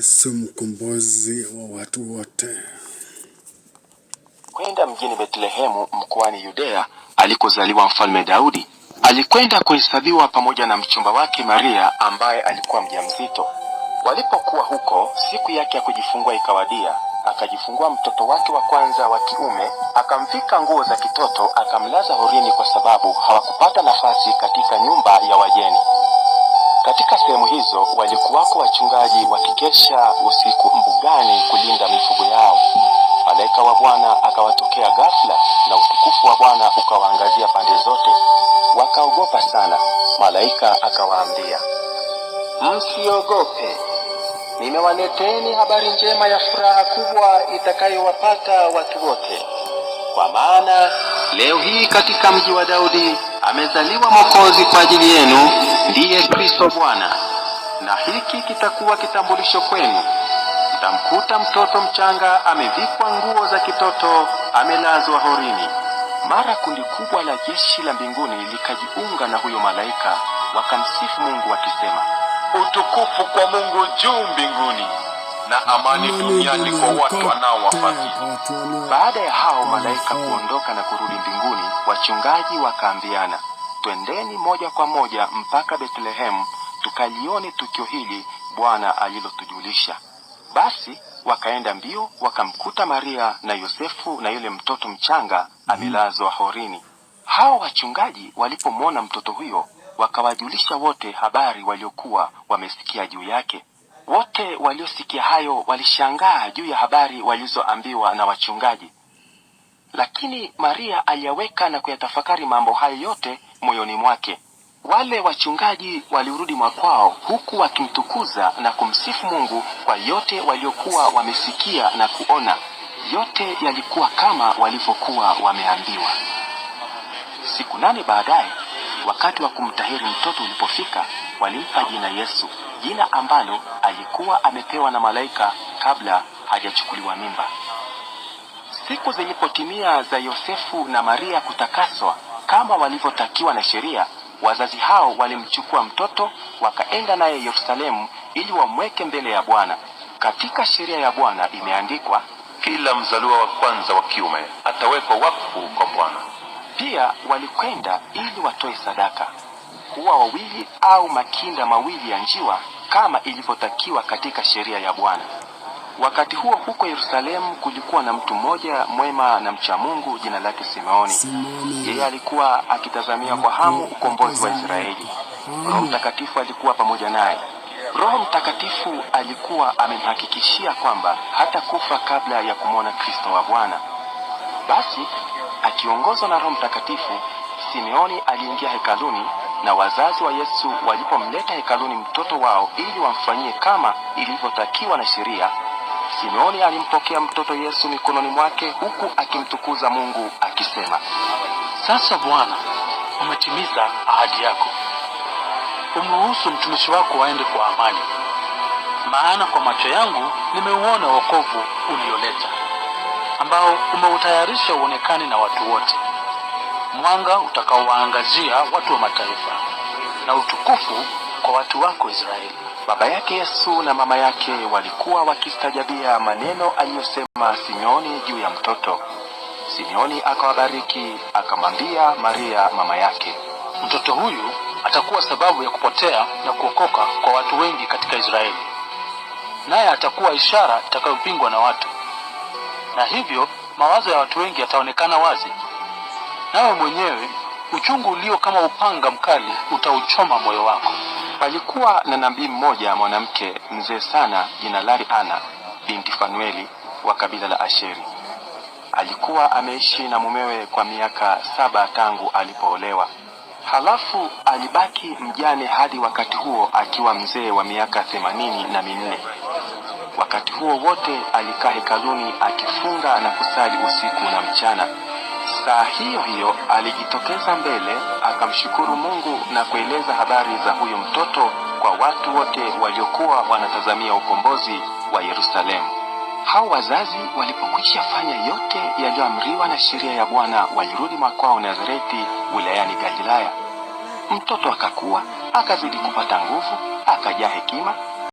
Yesu mkombozi wa watu wote. Kwenda mjini Betlehemu mkoani Yudea alikozaliwa Mfalme Daudi, alikwenda kuhesabiwa pamoja na mchumba wake Maria ambaye alikuwa mjamzito. Walipokuwa huko, siku yake ya kujifungua ikawadia, akajifungua mtoto wake wa kwanza wa kiume, akamvika nguo za kitoto, akamlaza horini, kwa sababu hawakupata nafasi katika nyumba ya wajeni katika sehemu hizo walikuwako wachungaji wakikesha usiku mbugani kulinda mifugo yao. Malaika wa Bwana akawatokea ghafla, na utukufu wa Bwana ukawaangazia pande zote, wakaogopa sana. Malaika akawaambia, msiogope, nimewaleteni habari njema ya furaha kubwa itakayowapata watu wote, kwa maana leo hii katika mji wa Daudi amezaliwa Mwokozi kwa ajili yenu ndiye Kristo Bwana. Na hiki kitakuwa kitambulisho kwenu, mtamkuta mtoto mchanga amevikwa nguo za kitoto, amelazwa horini. Mara kundi kubwa la jeshi la mbinguni likajiunga na huyo malaika, wakamsifu Mungu wakisema, utukufu kwa Mungu juu mbinguni na amani duniani kwa watu wanaowafadhili. Baada ya hao malaika kuondoka na kurudi mbinguni, wachungaji wakaambiana Twendeni moja kwa moja mpaka Betlehemu tukalione tukio hili Bwana alilotujulisha. Basi wakaenda mbio, wakamkuta Maria na Yosefu na yule mtoto mchanga amelazwa horini. Hao wachungaji walipomwona mtoto huyo, wakawajulisha wote habari waliokuwa wamesikia juu yake. Wote waliosikia hayo walishangaa juu ya habari walizoambiwa na wachungaji. Lakini Maria aliyaweka na kuyatafakari mambo hayo yote moyoni mwake. Wale wachungaji walirudi mwakwao huku wakimtukuza na kumsifu Mungu kwa yote waliokuwa wamesikia na kuona. Yote yalikuwa kama walivyokuwa wameambiwa. Siku nane baadaye, wakati wa kumtahiri mtoto ulipofika, walimpa jina Yesu, jina ambalo alikuwa amepewa na malaika kabla hajachukuliwa mimba. Siku zilipotimia za Yosefu na Maria kutakaswa kama walivyotakiwa na sheria, wazazi hao walimchukua mtoto wakaenda naye Yerusalemu ili wamweke mbele ya Bwana. Katika sheria ya Bwana imeandikwa, kila mzaliwa wa kwanza wa kiume atawekwa wakfu kwa Bwana. Pia walikwenda ili watoe sadaka, huwa wawili au makinda mawili ya njiwa kama ilivyotakiwa katika sheria ya Bwana. Wakati huo huko Yerusalemu kulikuwa na mtu mmoja mwema na mcha Mungu, jina lake Simeoni. Yeye alikuwa akitazamia kwa hamu ukombozi wa Israeli. Roho Mtakatifu alikuwa pamoja naye. Roho Mtakatifu alikuwa amemhakikishia kwamba hata kufa kabla ya kumwona Kristo wa Bwana. Basi akiongozwa na Roho Mtakatifu, Simeoni aliingia hekaluni, na wazazi wa Yesu walipomleta hekaluni mtoto wao ili wamfanyie kama ilivyotakiwa na sheria Simeoni alimpokea mtoto Yesu mikononi mwake huku akimtukuza Mungu akisema, sasa Bwana, umetimiza ahadi yako, umruhusu mtumishi wako aende kwa amani, maana kwa macho yangu nimeuona wokovu ulioleta, ambao umeutayarisha uonekane na watu wote, mwanga utakaowaangazia watu wa mataifa na utukufu kwa watu wako Israeli. Baba yake Yesu na mama yake walikuwa wakistajabia maneno aliyosema Simeoni juu ya mtoto. Simeoni akawabariki akamwambia Maria mama yake, mtoto huyu atakuwa sababu ya kupotea na kuokoka kwa watu wengi katika Israeli, naye atakuwa ishara itakayopingwa na watu, na hivyo mawazo ya watu wengi yataonekana wazi, nawe mwenyewe uchungu ulio kama upanga mkali utauchoma moyo wako. Palikuwa na nabii mmoja mwanamke mzee sana, jina lake Ana binti Fanueli wa kabila la Asheri. Alikuwa ameishi na mumewe kwa miaka saba tangu alipoolewa, halafu alibaki mjane hadi wakati huo akiwa mzee wa miaka themanini na minne. Wakati huo wote alikaa hekaluni akifunga na kusali usiku na mchana. Saa hiyo hiyo alijitokeza mbele akamshukuru Mungu na kueleza habari za huyu mtoto kwa watu wote waliokuwa wanatazamia ukombozi wa Yerusalemu. Hao wazazi walipokwisha fanya yote yaliyoamriwa na sheria ya Bwana, walirudi makwao Nazareti, wilayani Galilaya. Mtoto akakua, akazidi kupata nguvu, akajaa hekima